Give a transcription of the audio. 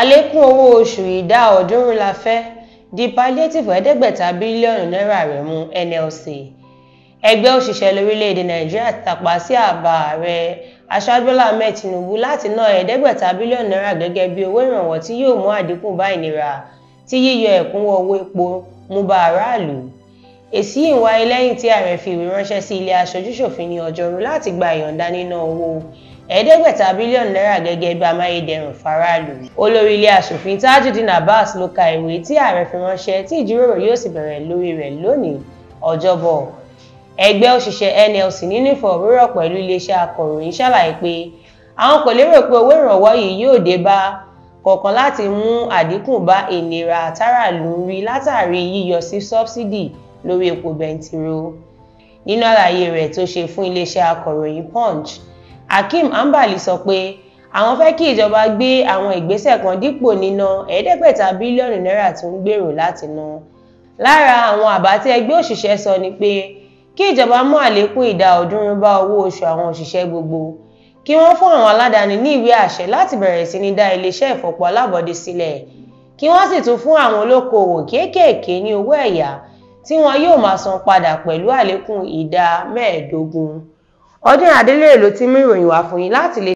àlékún owó oṣù ìdá ọ̀ọ́dúnrún la fẹ́ di palliative ẹ̀ẹ́dẹ́gbẹ̀ta bílíọ̀nù náírà rẹ̀ mú NLC ẹgbẹ́ òṣìṣẹ́ lórílẹ̀‐èdè nàìjíríà tàpá sí àbá ààrẹ aṣáájú bọ́lá ahmed tinubu láti ná ẹ̀ẹ́dẹ́gbẹ̀ta bílíọ̀nù náírà gẹ́gẹ́ bí owó ìrànwọ́ tí yóò mú àdínkù bá ìnira tí yíyọ ẹ̀kúnwọ́ owó epo mú bá aráàlú èsì yìí ń wáyé lẹ́yìn tí ààrẹ fi ìwé ránṣẹ́ sí ilé aṣojúṣòfin ní ọjọ́rú láti gba ìyọ̀ǹda níná owó ẹ̀ẹ́dẹ́gbẹ̀ta bílíọ̀nù náírà gẹ́gẹ́ bí amáyédẹrùn faraàlú. olórí ilé asòfin tajudeen abbas ló ka ìwé tí ààrẹ fi ránṣẹ́ tí ìjíròrò yóò sì bẹ̀rẹ̀ lórí rẹ̀ lónìí ọjọ́bọ̀. ẹgbẹ́ òṣìṣẹ́ nlc nínú ìfọ̀rọ̀wérọ̀ pẹ̀lú iléeṣẹ́ akọ̀ròyìn ṣàlàyé pé àwọn kò lérò pé owó ìrànwọ́ yìí yóò dé bá kọ̀ọ̀kan láti mú àdínkù bá ìnira táràlú rí látàrí yíyọ sí sọ́bsidì lórí epo bẹntiró nínú àlàyé rẹ̀ tó ṣe fún iléeṣẹ́ akọ̀ròyìn punch Hakeem Ambali sọ pé àwọn fẹ́ kí ìjọba gbé àwọn ìgbésẹ̀ kan dípò níná ẹ̀ẹ́dẹ́gbẹ̀ta bílíọ̀nù náírà tó ń gbèrò láti ná lára àwọn àbá tí ẹgbẹ́ òṣìṣẹ́ sọ ni pé kí ìjọba mú àlékún ìdá ọ̀ọ́dúnrún bá owó oṣù àwọn òṣìṣẹ́ gbogbo kí wọ́n fún àwọn aládàáni ní ìwé àṣẹ láti bẹ̀rẹ̀ sí ní dá iléeṣẹ́ ìfọ̀pọ̀ alábọ̀dé sílẹ̀ kí wọ́n sì tún fún àwọn olókoòwò kéékèèké ní owó ẹ̀yà tí wọn yóò máa san padà pẹ̀lú àlékún ìdá mẹ́ẹ̀ẹ́dógún ọdún adelé ló ti mú ìròyìn wá fún yín láti lè